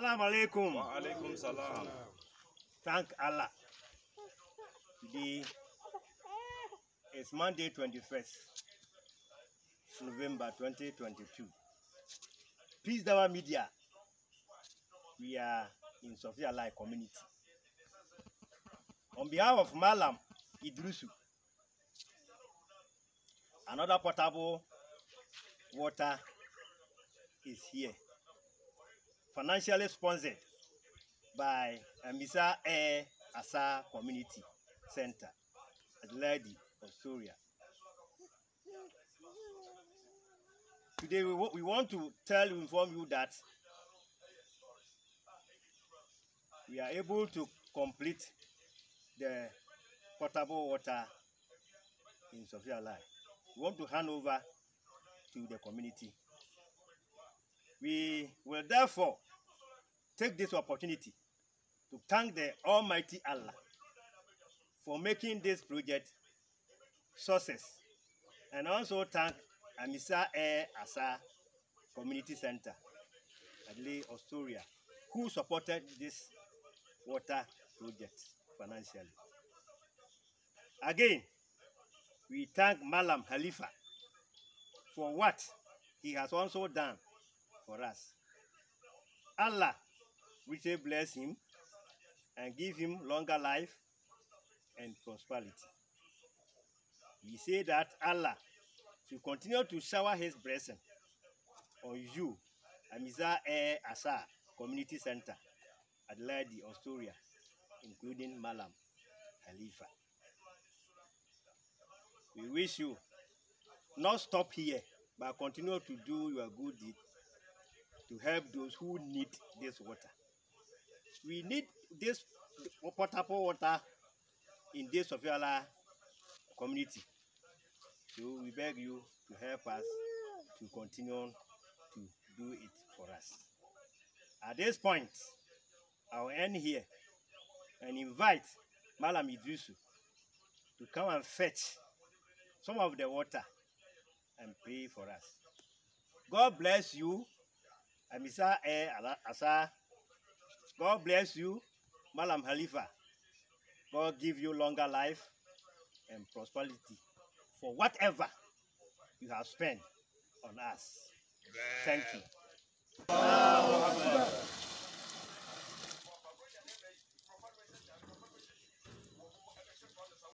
Salam alaikum. Wa alaikum salam. Thank Allah. Today is Monday 21st, November 2022. Peace our Media. We are in Sofia Lai community. On behalf of Malam Idrusu, another potable water is here financially sponsored by Ambisa uh, Air Asa Community Center at Lady Osoria. Today we, we want to tell you, inform you that we are able to complete the potable water in Sofia Life. We want to hand over to the community. We will therefore take this opportunity to thank the Almighty Allah for making this project success and also thank Amisa Air Asa Community Center at Lay Astoria who supported this water project financially. Again, we thank Malam Khalifa for what he has also done for us. Allah richly bless him and give him longer life and prosperity. He said that Allah should continue to shower his blessing on you, Amiza E Asa Community Center, Adelaide, Australia, including Malam Khalifa. We wish you not stop here, but continue to do your good deed to help those who need this water we need this potable water in this Sofiola community. So we beg you to help us to continue to do it for us. At this point, I'll end here and invite Malam Idrisu to come and fetch some of the water and pray for us. God bless you. Amisa E. Asa. God bless you, Malam Halifa. God give you longer life and prosperity for whatever you have spent on us. Thank you.